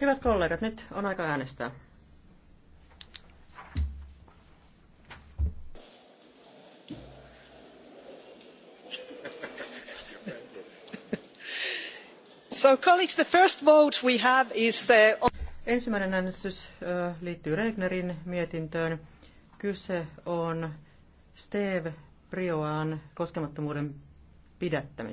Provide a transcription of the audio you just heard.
Hyvät kollegat, nyt on aika äänestää. Ensimmäinen äänestys liittyy Regnerin mietintöön. Kyse on Steve Prioan koskemattomuuden pidättämisestä.